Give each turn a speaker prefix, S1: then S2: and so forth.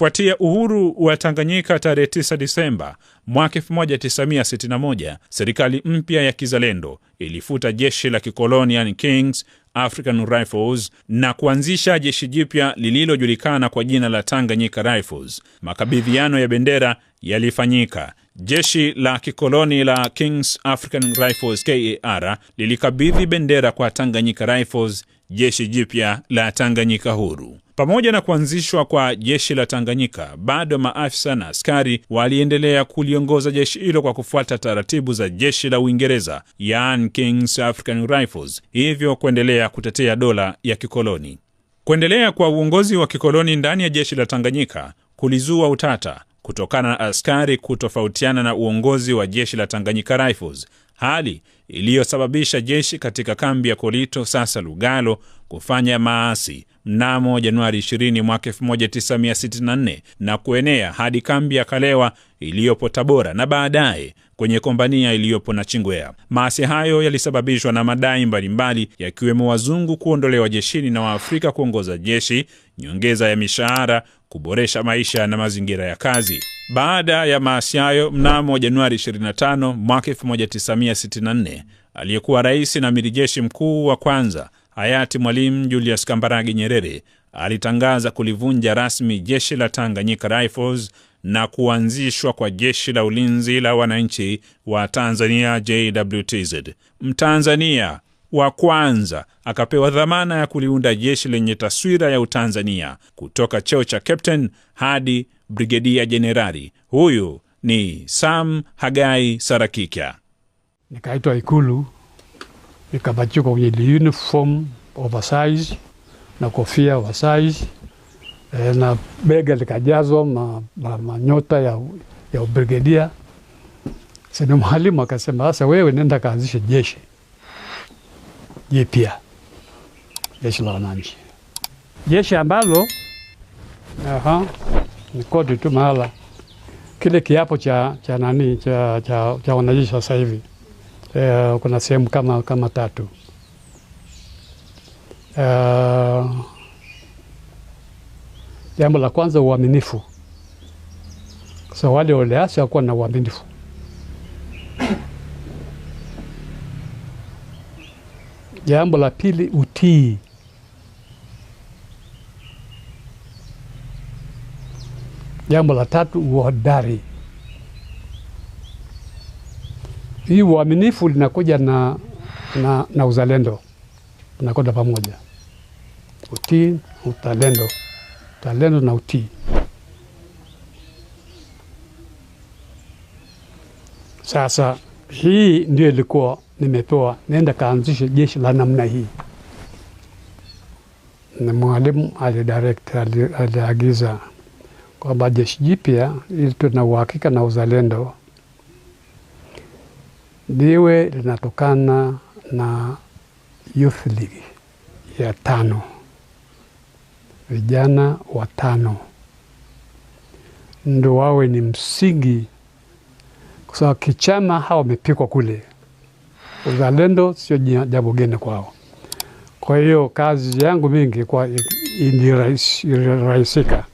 S1: Kufuatia uhuru wa Tanganyika tarehe 9 Disemba mwaka 1961, serikali mpya ya kizalendo ilifuta jeshi la kikoloni yani Kings African Rifles na kuanzisha jeshi jipya lililojulikana kwa jina la Tanganyika Rifles. Makabidhiano ya bendera yalifanyika Jeshi la kikoloni la Kings African Rifles KAR lilikabidhi bendera kwa Tanganyika Rifles, jeshi jipya la Tanganyika huru. Pamoja na kuanzishwa kwa jeshi la Tanganyika, bado maafisa na askari waliendelea kuliongoza jeshi hilo kwa kufuata taratibu za jeshi la Uingereza, yaani Kings African Rifles, hivyo kuendelea kutetea dola ya kikoloni. Kuendelea kwa uongozi wa kikoloni ndani ya jeshi la Tanganyika kulizua utata kutokana na askari kutofautiana na uongozi wa jeshi la Tanganyika Rifles, hali iliyosababisha jeshi katika kambi ya Kolito sasa Lugalo kufanya maasi mnamo Januari 20 mwaka 1964 na kuenea hadi kambi ya Kalewa iliyopo Tabora na baadaye kwenye kombania iliyopo na chingwea Maasi hayo yalisababishwa na madai mbalimbali yakiwemo wazungu kuondolewa jeshini na Waafrika kuongoza jeshi, nyongeza ya mishahara, kuboresha maisha na mazingira ya kazi. Baada ya maasi hayo, mnamo Januari 25 mwaka 1964, aliyekuwa rais na amiri jeshi mkuu wa kwanza hayati Mwalimu Julius Kambarage Nyerere alitangaza kulivunja rasmi jeshi la Tanganyika Rifles na kuanzishwa kwa jeshi la ulinzi la wananchi wa Tanzania, JWTZ. Mtanzania wa kwanza akapewa dhamana ya kuliunda jeshi lenye taswira ya Utanzania kutoka cheo cha captain hadi brigedia jenerali. Huyu ni Sam Hagai Sarakikya.
S2: Nikaitwa Ikulu, nikabachikwa kwenye uniform oversize na kofia oversize e, na bega likajazwa manyota ma, ma ya, ya ubrigedia. Sasa mwalimu akasema, sasa wewe nenda kaanzishe jeshi jipya, jeshi la wananchi,
S3: jeshi ambalo
S2: aha, ni kodi tu mahala kile kiapo cha, cha nani cha, cha, cha wanajeshi sasa hivi e, kuna sehemu kama, kama tatu e, jambo la kwanza uaminifu. So wale waliasi hawakuwa na uaminifu Jambo la pili, utii. Jambo la tatu, uhodari. Hii uaminifu linakuja na, na, na uzalendo unakwenda pamoja, utii utalendo, utalendo na utii. Sasa hii ndio ilikuwa nimepewa, nenda kaanzishe jeshi la namna hii. Na mwalimu alidirect, aliagiza kwamba jeshi jipya ili tuna uhakika na uzalendo liwe linatokana na youth league ya tano, vijana wa tano ndo wawe ni msingi, kwa sababu kichama hawa wamepikwa kule uzalendo sio jambo geni kwao. Kwa hiyo kazi yangu mingi kwa ilirahisika.